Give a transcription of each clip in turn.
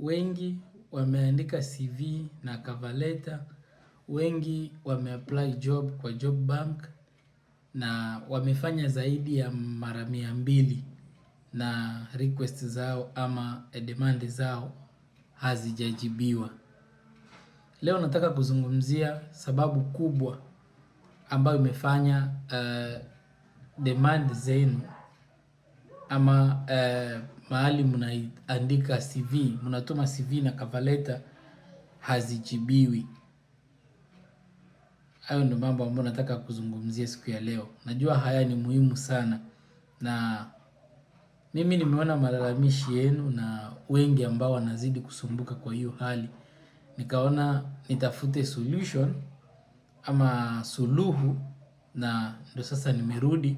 Wengi wameandika CV na cover letter, wengi wameapply job kwa job bank na wamefanya zaidi ya mara mia mbili na request zao ama demand zao hazijajibiwa. Leo nataka kuzungumzia sababu kubwa ambayo imefanya eh, demand zenu ama eh, mahali mnaandika CV, mnatuma CV na cover letter hazijibiwi. Hayo ndio mambo ambayo nataka kuzungumzia siku ya leo. Najua haya ni muhimu sana, na mimi nimeona malalamishi yenu na wengi ambao wanazidi kusumbuka kwa hiyo hali, nikaona nitafute solution ama suluhu, na ndio sasa nimerudi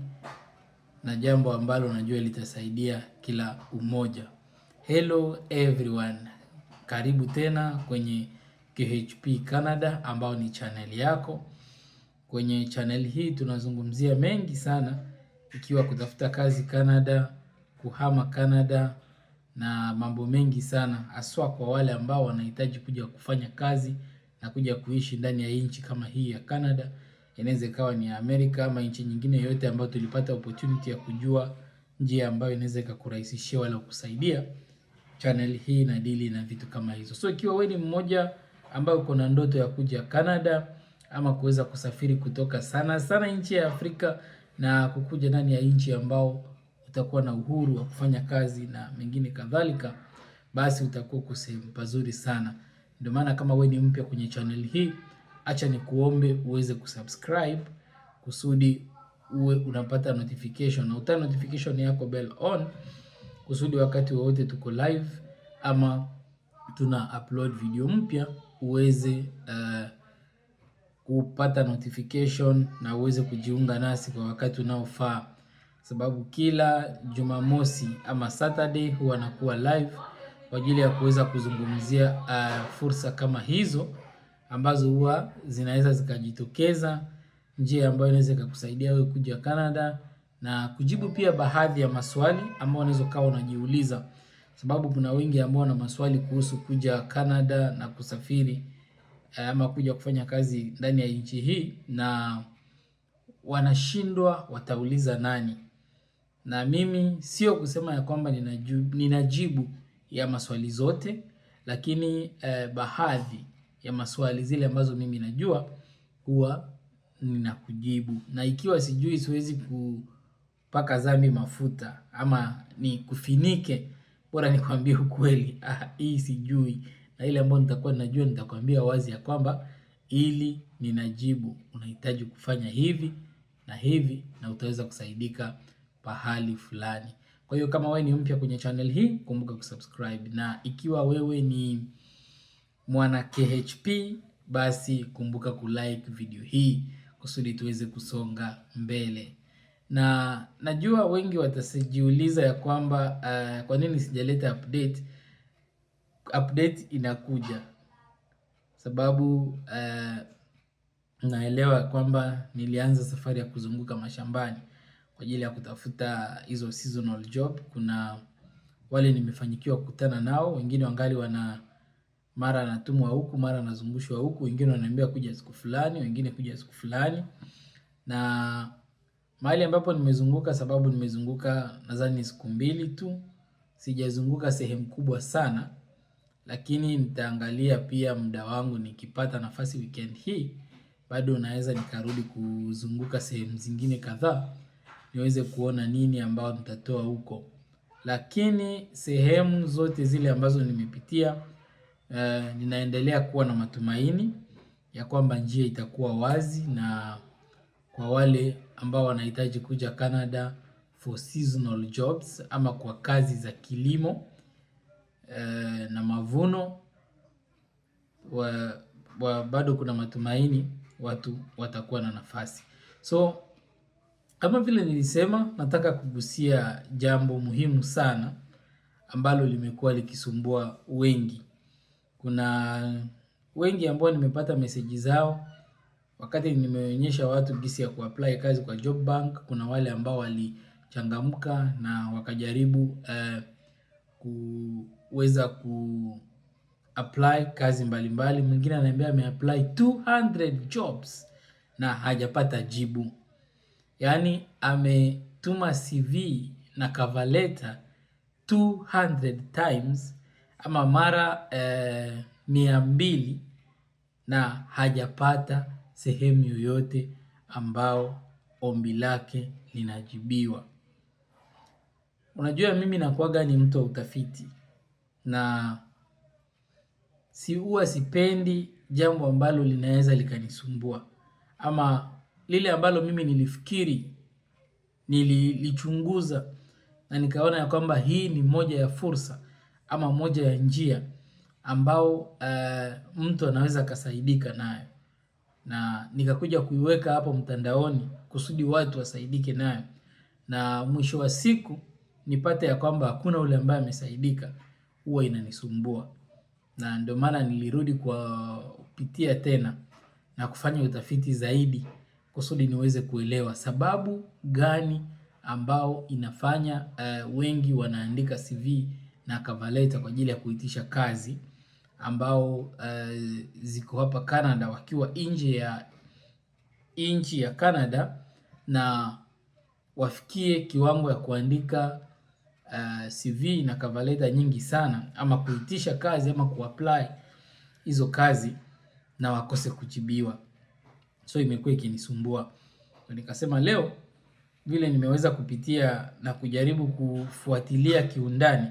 na jambo ambalo najua litasaidia kila umoja. Hello everyone, karibu tena kwenye KHP Canada ambao ni channel yako. Kwenye channel hii tunazungumzia mengi sana, ikiwa kutafuta kazi Canada, kuhama Canada na mambo mengi sana, haswa kwa wale ambao wanahitaji kuja kufanya kazi na kuja kuishi ndani ya nchi kama hii ya Canada inaweza ikawa ni Amerika ama nchi nyingine yoyote ambayo tulipata opportunity ya kujua njia ambayo inaweza ikakurahisishia wala kukusaidia. Channel hii na dili na vitu kama hizo. So ikiwa wewe ni mmoja ambaye uko na ndoto ya kuja Canada ama kuweza kusafiri kutoka sana sana nchi ya Afrika na kukuja ndani ya nchi ambao utakuwa na uhuru wa kufanya kazi na mengine kadhalika, basi utakuwa uko sehemu pazuri sana. Ndio maana kama wewe ni mpya kwenye channel hii acha ni kuombe uweze kusubscribe kusudi uwe unapata notification na uta notification yako bell on kusudi wakati wowote tuko live ama tuna upload video mpya uweze uh, kupata notification na uweze kujiunga nasi kwa wakati unaofaa, sababu kila Jumamosi ama Saturday huwa nakuwa live kwa ajili ya kuweza kuzungumzia uh, fursa kama hizo ambazo huwa zinaweza zikajitokeza, njia ambayo inaweza ikakusaidia wewe kuja Canada na kujibu pia baadhi ya maswali ambayo unaweza kawa unajiuliza, sababu kuna wengi ambao wana maswali kuhusu kuja Canada na kusafiri eh, ama kuja kufanya kazi ndani ya nchi hii na wanashindwa watauliza nani. Na mimi sio kusema ya kwamba ninajibu, ninajibu ya maswali zote, lakini eh, baadhi ya maswali zile ambazo mimi najua huwa ninakujibu, na ikiwa sijui siwezi kupaka zambi mafuta ama ni kufinike, bora nikwambie ukweli, ah, hii sijui, na ile ambayo nitakuwa ninajua nitakwambia wazi ya kwamba ili ninajibu, unahitaji kufanya hivi na hivi, na utaweza kusaidika pahali fulani. Kwa hiyo kama wewe ni mpya kwenye channel hii, kumbuka kusubscribe, na ikiwa wewe ni mwana KHP, basi kumbuka kulike video hii kusudi tuweze kusonga mbele, na najua wengi watasijiuliza ya kwamba uh, kwa nini sijaleta update. Update inakuja sababu uh, naelewa kwamba nilianza safari ya kuzunguka mashambani kwa ajili ya kutafuta hizo seasonal job. Kuna wale nimefanikiwa kukutana nao, wengine wangali wana mara anatumwa huku, mara anazungushwa huku, wengine wananiambia kuja siku fulani, wengine kuja siku fulani. Na mahali ambapo nimezunguka, sababu nimezunguka nadhani siku mbili tu, sijazunguka sehemu kubwa sana, lakini nitaangalia pia muda wangu, nikipata nafasi weekend hii bado naweza nikarudi kuzunguka sehemu zingine kadhaa, niweze kuona nini ambao nitatoa huko, lakini sehemu zote zile ambazo nimepitia Uh, ninaendelea kuwa na matumaini ya kwamba njia itakuwa wazi na kwa wale ambao wanahitaji kuja Canada for seasonal jobs ama kwa kazi za kilimo uh, na mavuno wa, wa, bado kuna matumaini watu watakuwa na nafasi. So kama vile nilisema, nataka kugusia jambo muhimu sana ambalo limekuwa likisumbua wengi. Kuna wengi ambao nimepata meseji zao wakati nimeonyesha watu gisi ya kuapply kazi kwa job bank. Kuna wale ambao walichangamka na wakajaribu eh, kuweza apply kazi mbalimbali. Mwingine ananiambia ameapply 200 jobs na hajapata jibu. Yaani ametuma CV na cover letter 200 times ama mara eh, mia mbili na hajapata sehemu yoyote ambao ombi lake linajibiwa. Unajua, mimi nakuwaga ni mtu wa utafiti na si huwa sipendi jambo ambalo linaweza likanisumbua ama lile ambalo mimi nilifikiri nililichunguza na nikaona ya kwamba hii ni moja ya fursa ama moja ya njia ambao uh, mtu anaweza akasaidika nayo, na nikakuja kuiweka hapo mtandaoni kusudi watu wasaidike nayo, na mwisho wa siku nipate ya kwamba hakuna ule ambaye amesaidika, huwa inanisumbua, na ndio maana nilirudi kwa kupitia tena na kufanya utafiti zaidi kusudi niweze kuelewa sababu gani ambao inafanya uh, wengi wanaandika CV na Kavaleta kwa ajili ya kuitisha kazi ambao uh, ziko hapa Canada wakiwa nje ya nchi ya Canada na wafikie kiwango ya kuandika uh, eh, CV na cover letter nyingi sana ama kuitisha kazi ama kuapply hizo kazi na wakose kujibiwa. So imekuwa ikinisumbua. Nikasema leo vile nimeweza kupitia na kujaribu kufuatilia kiundani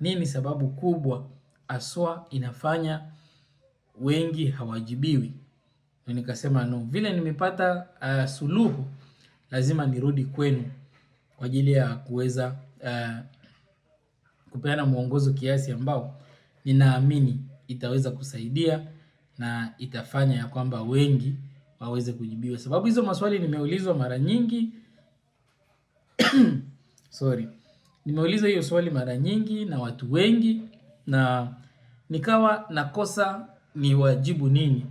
nini sababu kubwa aswa inafanya wengi hawajibiwi? Na nikasema no, vile nimepata uh, suluhu lazima nirudi kwenu kwa ajili ya kuweza uh, kupeana mwongozo kiasi ambao ninaamini itaweza kusaidia na itafanya ya kwamba wengi waweze kujibiwa. Sababu hizo maswali nimeulizwa mara nyingi sorry. Nimeuliza hiyo swali mara nyingi na watu wengi na nikawa nakosa ni wajibu nini.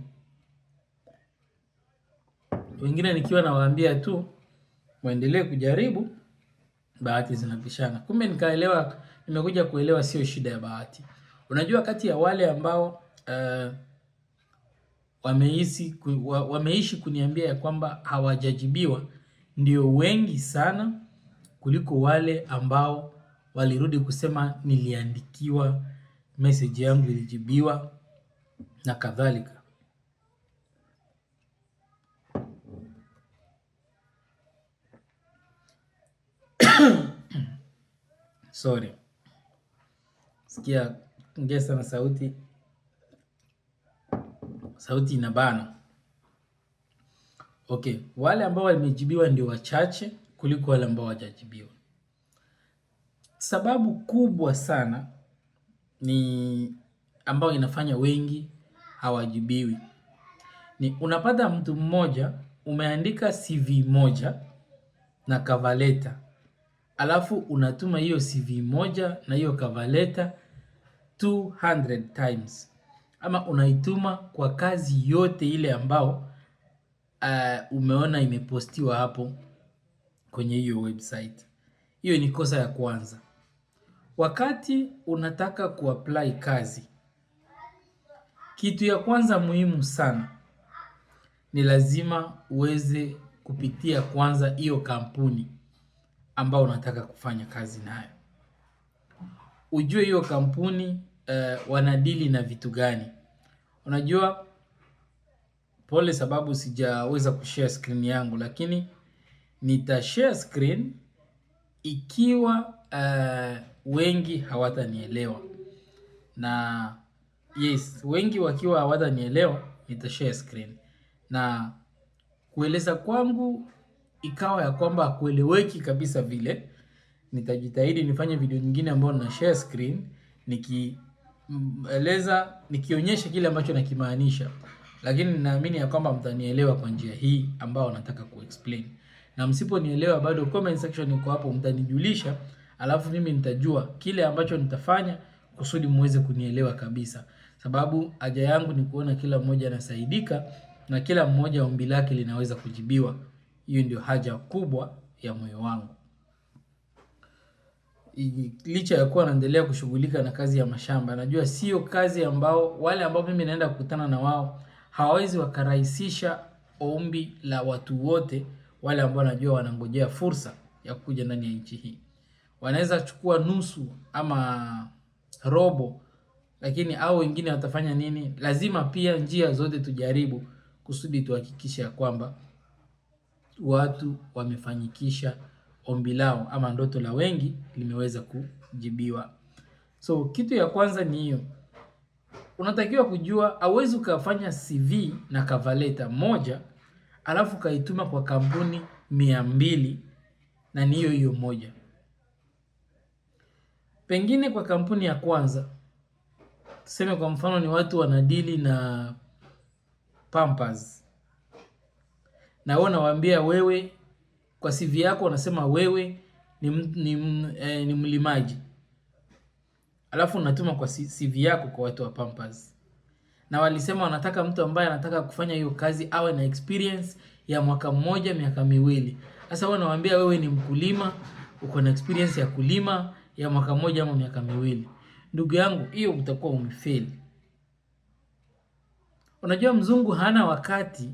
Wengine nikiwa nawaambia tu waendelee kujaribu, bahati zinapishana. Kumbe nikaelewa, nimekuja kuelewa sio shida ya bahati. Unajua kati ya wale ambao uh, wameishi kuniambia ya kwamba hawajajibiwa ndio wengi sana kuliko wale ambao walirudi kusema niliandikiwa, message yangu ilijibiwa na kadhalika. Sorry. Sikia ongea sana sauti. Sauti inabana. Okay, wale ambao walimejibiwa ndio wachache kuliko wale ambao hawajajibiwa. Sababu kubwa sana ni ambayo inafanya wengi hawajibiwi ni unapata mtu mmoja umeandika CV moja na cover letter, alafu unatuma hiyo CV moja na hiyo cover letter 200 times ama unaituma kwa kazi yote ile ambao uh, umeona imepostiwa hapo kwenye hiyo website. Hiyo ni kosa ya kwanza. Wakati unataka kuapply kazi, kitu ya kwanza muhimu sana ni lazima uweze kupitia kwanza hiyo kampuni ambayo unataka kufanya kazi nayo, ujue hiyo kampuni uh, wanadili na vitu gani. Unajua, pole sababu sijaweza kushare screen yangu, lakini nitashare screen ikiwa uh, wengi hawatanielewa na yes, wengi wakiwa hawatanielewa nitashare screen na kueleza kwangu ikawa ya kwamba hakueleweki kabisa vile, nitajitahidi nifanye video nyingine ambayo na share screen nikieleza, nikionyesha kile ambacho nakimaanisha, lakini ninaamini ya kwamba mtanielewa kwa njia hii ambayo nataka kuexplain na msiponielewa bado comment section iko hapo, mtanijulisha, alafu mimi nitajua kile ambacho nitafanya kusudi muweze kunielewa kabisa, sababu haja yangu ni kuona kila mmoja anasaidika na kila mmoja ombi lake linaweza kujibiwa. Hiyo ndio haja kubwa ya moyo wangu. Licha ya kuwa naendelea kushughulika na kazi ya mashamba, najua sio kazi ambao wale ambao mimi naenda kukutana na wao hawawezi wakarahisisha ombi la watu wote wale ambao najua wanangojea fursa ya kuja ndani ya nchi hii wanaweza chukua nusu ama robo, lakini au wengine watafanya nini? Lazima pia njia zote tujaribu kusudi tuhakikishe ya kwamba watu wamefanyikisha ombi lao ama ndoto la wengi limeweza kujibiwa. So kitu ya kwanza ni hiyo, unatakiwa kujua, hauwezi ukafanya CV na cover letter moja alafu kaituma kwa kampuni mia mbili na ni hiyo hiyo moja. Pengine kwa kampuni ya kwanza, tuseme kwa mfano ni watu wanadili na Pampers, na wewe unawaambia wewe, kwa CV yako unasema wewe ni, ni, eh, ni mlimaji alafu unatuma kwa CV yako kwa watu wa Pampers na walisema wanataka mtu ambaye anataka kufanya hiyo kazi awe na experience ya mwaka mmoja miaka miwili. Sasa wao nawaambia wewe ni mkulima, uko na experience ya kulima ya mwaka mmoja ama miaka miwili, ndugu yangu, hiyo utakuwa umefeli. Unajua mzungu hana wakati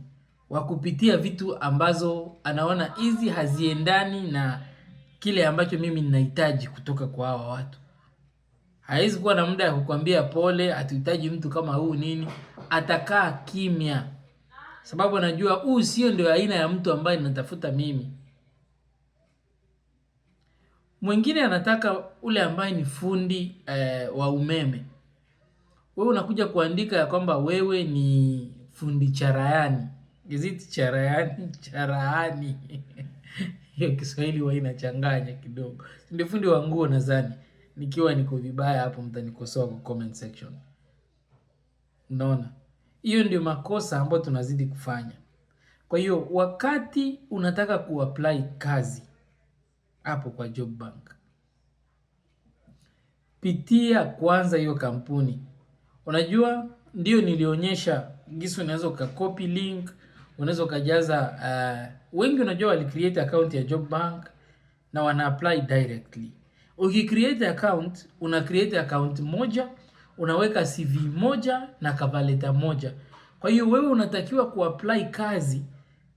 wa kupitia vitu ambazo anaona hizi haziendani na kile ambacho mimi ninahitaji kutoka kwa hawa watu hawezi kuwa na muda ya kukwambia pole, hatuhitaji mtu kama huu nini, atakaa kimya, sababu anajua huu sio ndio aina ya mtu ambaye ninatafuta mimi. Mwingine anataka ule ambaye ni fundi e, wa umeme. Wewe unakuja kuandika ya kwamba wewe ni fundi charayani. Gazeti charayani, Charayani Hiyo Kiswahili huwa inachanganya kidogo. Ndio fundi wa nguo nadhani nikiwa niko vibaya hapo, mtanikosoa kwa comment section. Unaona, hiyo ndio makosa ambayo tunazidi kufanya. Kwa hiyo wakati unataka kuapply kazi hapo kwa job bank, pitia kwanza hiyo kampuni. Unajua, ndio nilionyesha gisi unaweza ukakopi link, unaweza ukajaza. Uh, wengi unajua walicreate account ya job bank na wana apply directly Ukicreate account, una create account moja, unaweka CV moja na kavaleta moja. Kwa hiyo wewe unatakiwa kuapply kazi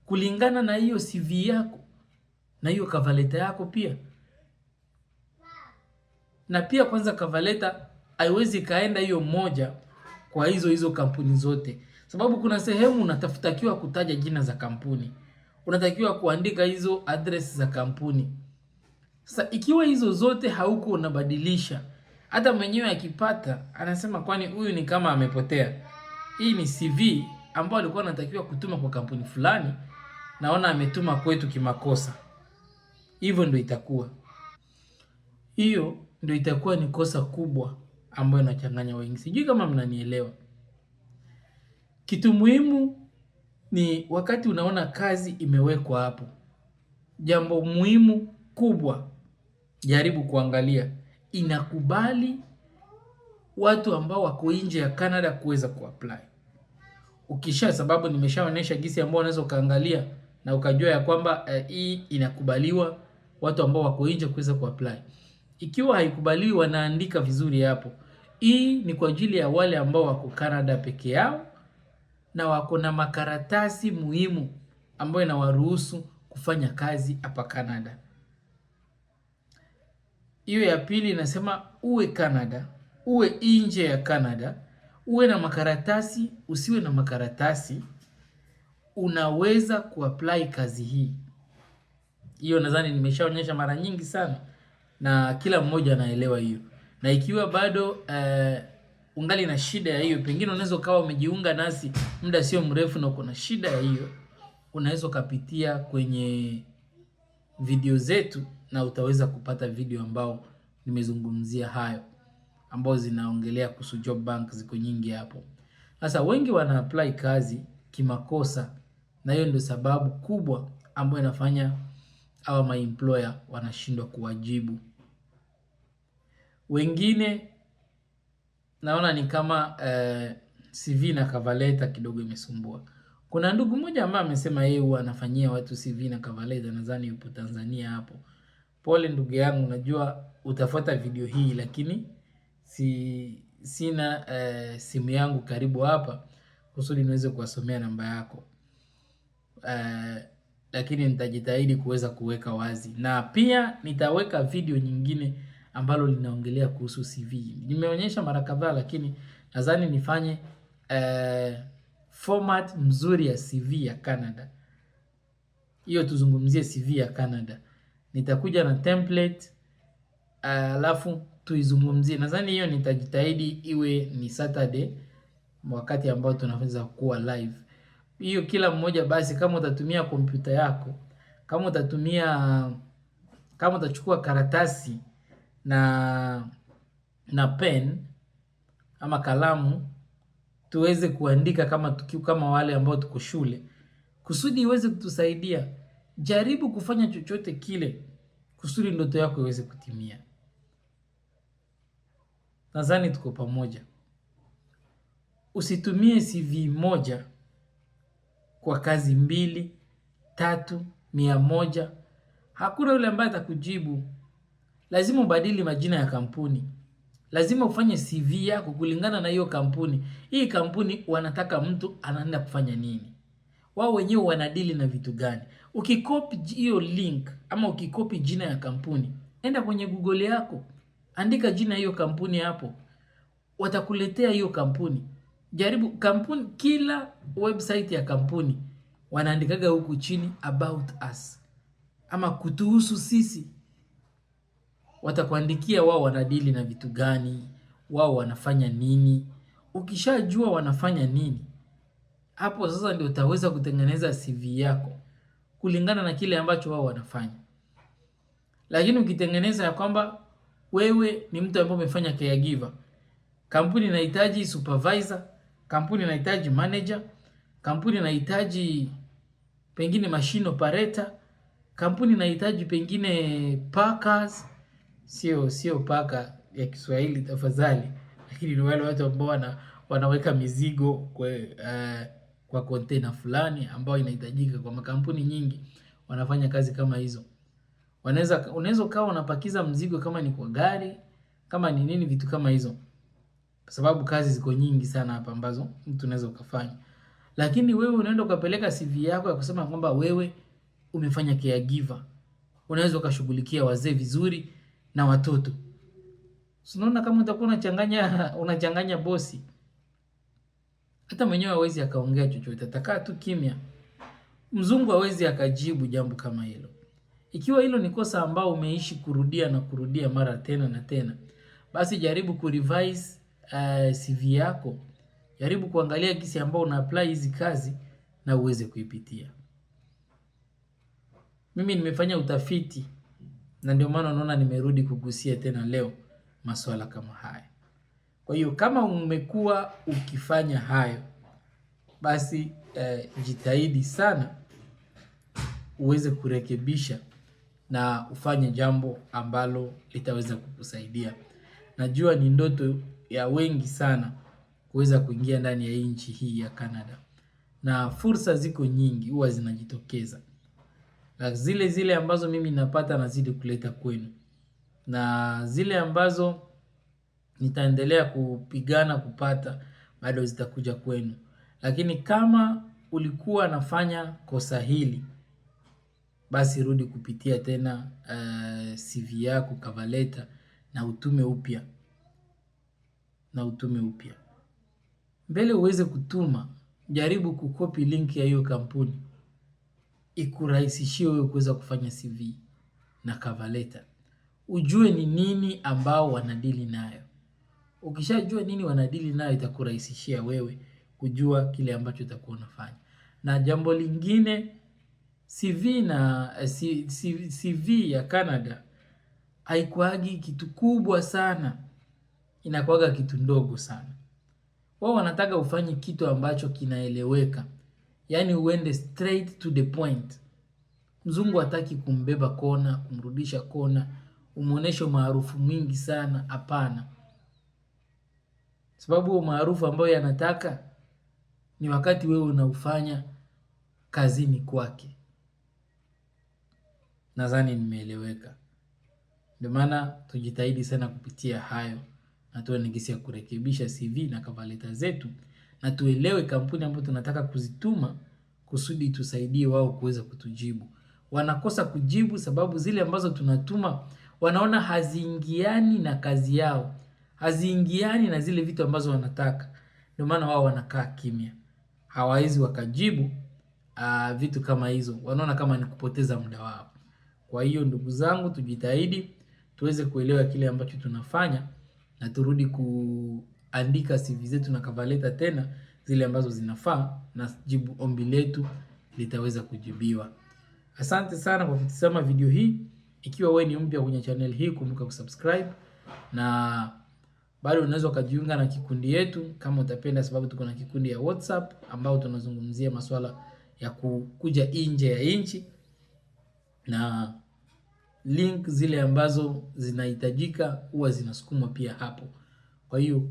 kulingana na hiyo CV yako na hiyo kavaleta yako pia. Na pia kwanza kavaleta haiwezi kaenda hiyo moja kwa hizo hizo kampuni zote, sababu kuna sehemu unatafutakiwa kutaja jina za kampuni, unatakiwa kuandika hizo address za kampuni. Sasa ikiwa hizo zote hauko unabadilisha, hata mwenyewe akipata anasema kwani huyu ni kama amepotea. Hii ni CV ambayo alikuwa anatakiwa kutuma kwa kampuni fulani, naona ametuma kwetu kimakosa. Hivyo ndio itakuwa, hiyo ndio itakuwa ni kosa kubwa ambayo inachanganya wengi. Sijui kama mnanielewa. Kitu muhimu ni wakati unaona kazi imewekwa hapo, jambo muhimu kubwa jaribu kuangalia inakubali watu ambao wako nje ya Canada kuweza kuapply. Ukisha sababu nimeshaonyesha gisi ambao unaweza ukaangalia na ukajua ya kwamba eh, hii e, inakubaliwa watu ambao wako nje kuweza kuapply. Ikiwa haikubaliwi wanaandika vizuri hapo. Hii ni kwa ajili ya wale ambao wako Canada peke yao na wako na makaratasi muhimu ambayo inawaruhusu kufanya kazi hapa Canada hiyo ya pili inasema uwe Canada, uwe nje ya Canada, uwe na makaratasi, usiwe na makaratasi, unaweza kuapply kazi hii. Hiyo nadhani nimeshaonyesha mara nyingi sana na kila mmoja anaelewa hiyo. Na ikiwa bado uh, ungali na shida ya hiyo, pengine unaweza ukawa umejiunga nasi muda sio mrefu na uko na shida ya hiyo, unaweza ukapitia kwenye video zetu na utaweza kupata video ambao nimezungumzia hayo ambao zinaongelea kuhusu job bank, ziko nyingi hapo. Sasa wengi wana apply kazi kimakosa, na hiyo ndio sababu kubwa ambayo inafanya hawa employer wanashindwa kuwajibu. Wengine naona ni kama eh, CV na cover letter kidogo imesumbua. Kuna ndugu mmoja ambaye amesema yeye huwa anafanyia watu CV na cover letter, nadhani yupo Tanzania hapo pole ndugu yangu, najua utafuata video hii lakini si, sina uh, simu yangu karibu hapa kusudi niweze kuwasomea namba yako uh, lakini nitajitahidi kuweza kuweka wazi na pia nitaweka video nyingine ambalo linaongelea kuhusu CV. Nimeonyesha mara kadhaa, lakini nadhani nifanye uh, format mzuri ya CV ya Canada. Hiyo tuzungumzie CV ya Canada nitakuja na template alafu tuizungumzie. Nadhani hiyo nitajitahidi iwe ni Saturday wakati ambao tunaweza kuwa live. Hiyo kila mmoja basi, kama utatumia kompyuta yako, kama utatumia, kama utachukua karatasi na na pen ama kalamu, tuweze kuandika kama tukiu, kama wale ambao tuko shule, kusudi iweze kutusaidia jaribu kufanya chochote kile kusudi ndoto yako iweze kutimia. Nadhani tuko pamoja. Usitumie CV moja kwa kazi mbili, tatu, mia moja. Hakuna yule ambaye atakujibu. Lazima ubadili majina ya kampuni, lazima ufanye CV yako kulingana na hiyo kampuni. Hii kampuni wanataka mtu anaenda kufanya nini? wao wenyewe wanadili na vitu gani. Ukikopi hiyo link ama ukikopi jina ya kampuni, enda kwenye Google yako, andika jina hiyo kampuni hapo, watakuletea hiyo kampuni. Jaribu kampuni, kila website ya kampuni wanaandikaga huku chini about us ama kutuhusu sisi. Watakuandikia wao wanadili na vitu gani, wao wanafanya nini. Ukishajua wanafanya nini hapo sasa ndio utaweza kutengeneza CV yako kulingana na kile ambacho wao wanafanya. Lakini ukitengeneza ya kwamba wewe ni mtu ambaye umefanya caregiver, kampuni inahitaji supervisor, kampuni inahitaji manager, kampuni inahitaji pengine machine operator, kampuni inahitaji pengine packers, sio sio paka ya Kiswahili tafadhali, lakini ni wale watu ambao wana wanaweka mizigo kwa uh, eh, kwa container fulani ambayo inahitajika kwa makampuni nyingi wanafanya kazi kama hizo. Wanaweza unaweza ukawa unapakiza mzigo kama ni kwa gari, kama ni nini vitu kama hizo. Kwa sababu kazi ziko nyingi sana hapa ambazo mtu unaweza ukafanya. Lakini wewe unaenda ukapeleka CV yako ya kusema kwamba wewe umefanya caregiver. Unaweza ukashughulikia wazee vizuri na watoto. Unaona kama utakuwa unachanganya unachanganya bosi. Hata mwenyewe hawezi akaongea chochote, atakaa tu kimya. Mzungu hawezi akajibu jambo kama hilo. Ikiwa hilo ni kosa ambao umeishi kurudia na kurudia mara tena na tena, basi jaribu kurevise uh, eh, CV yako. Jaribu kuangalia jinsi ambao una apply hizi kazi na uweze kuipitia. Mimi nimefanya utafiti na ndio maana unaona nimerudi kugusia tena leo masuala kama haya. Kwa hiyo kama umekuwa ukifanya hayo, basi eh, jitahidi sana uweze kurekebisha na ufanye jambo ambalo litaweza kukusaidia. Najua ni ndoto ya wengi sana kuweza kuingia ndani ya nchi hii ya Canada, na fursa ziko nyingi huwa zinajitokeza, na zile zile ambazo mimi napata nazidi kuleta kwenu, na zile ambazo nitaendelea kupigana kupata bado zitakuja kwenu. Lakini kama ulikuwa nafanya kosa hili, basi rudi kupitia tena uh, eh, CV yako kavaleta na utume upya na utume upya. Mbele uweze kutuma, jaribu kukopi link ya hiyo kampuni ikurahisishie wewe kuweza kufanya CV na kavaleta ujue ni nini ambao wanadili nayo. Ukishajua nini wanadili nayo itakurahisishia wewe kujua kile ambacho utakuwa unafanya. Na jambo lingine CV na eh, CV ya Canada haikuagi kitu kubwa sana, inakuaga kitu ndogo sana. Wao wanataka ufanye kitu ambacho kinaeleweka, yaani uende straight to the point. Mzungu hataki kumbeba kona, kumrudisha kona, umwonyeshe umaarufu mwingi sana, hapana sababu maarufu ambayo yanataka ni wakati wewe unaufanya kazini kwake. Nadhani nimeeleweka. Ndio maana tujitahidi sana kupitia hayo na tuwe na gesi ya kurekebisha CV na cover letter zetu, na tuelewe kampuni ambayo tunataka kuzituma kusudi tusaidie wao kuweza kutujibu. Wanakosa kujibu sababu zile ambazo tunatuma wanaona haziingiani na kazi yao haziingiani na zile vitu ambazo wanataka. Ndio maana wao wanakaa kimya, hawawezi wakajibu uh, vitu kama hizo, wanaona kama ni kupoteza muda wao. Kwa hiyo ndugu zangu, tujitahidi tuweze kuelewa kile ambacho tunafanya na turudi kuandika CV zetu na cover letter tena zile ambazo zinafaa, na jibu ombi letu litaweza kujibiwa. Asante sana kwa kutazama video hii. Ikiwa wewe ni mpya kwenye channel hii, kumbuka kusubscribe na bado unaweza ukajiunga na kikundi yetu kama utapenda, sababu tuko na kikundi ya WhatsApp ambao tunazungumzia masuala ya kukuja nje ya nchi na link zile ambazo zinahitajika huwa zinasukumwa pia hapo. Kwa hiyo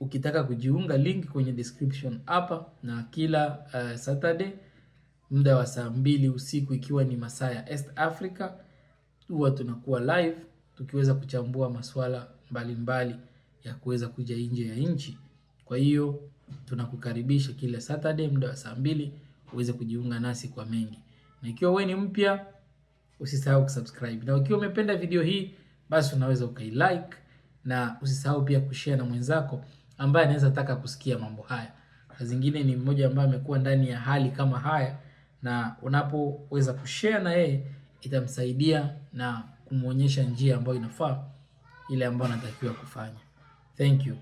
ukitaka kujiunga, link kwenye description hapa, na kila uh, Saturday muda wa saa mbili usiku ikiwa ni masaa ya East Africa huwa tunakuwa live tukiweza kuchambua masuala mbalimbali mbali ya kuweza kuja nje ya nchi. Kwa hiyo tunakukaribisha kila Saturday muda wa saa mbili uweze kujiunga nasi kwa mengi, na ikiwa wewe ni mpya usisahau kusubscribe, na ukiwa umependa video hii basi unaweza ukailike na usisahau pia kushare na mwenzako ambaye anaweza taka kusikia mambo haya. Saa zingine ni mmoja ambaye amekuwa ndani ya hali kama haya, na unapoweza kushare na yeye itamsaidia na kumwonyesha njia ambayo inafaa ile ambayo anatakiwa kufanya. Thank you.